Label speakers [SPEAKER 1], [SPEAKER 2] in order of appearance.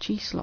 [SPEAKER 1] číslo.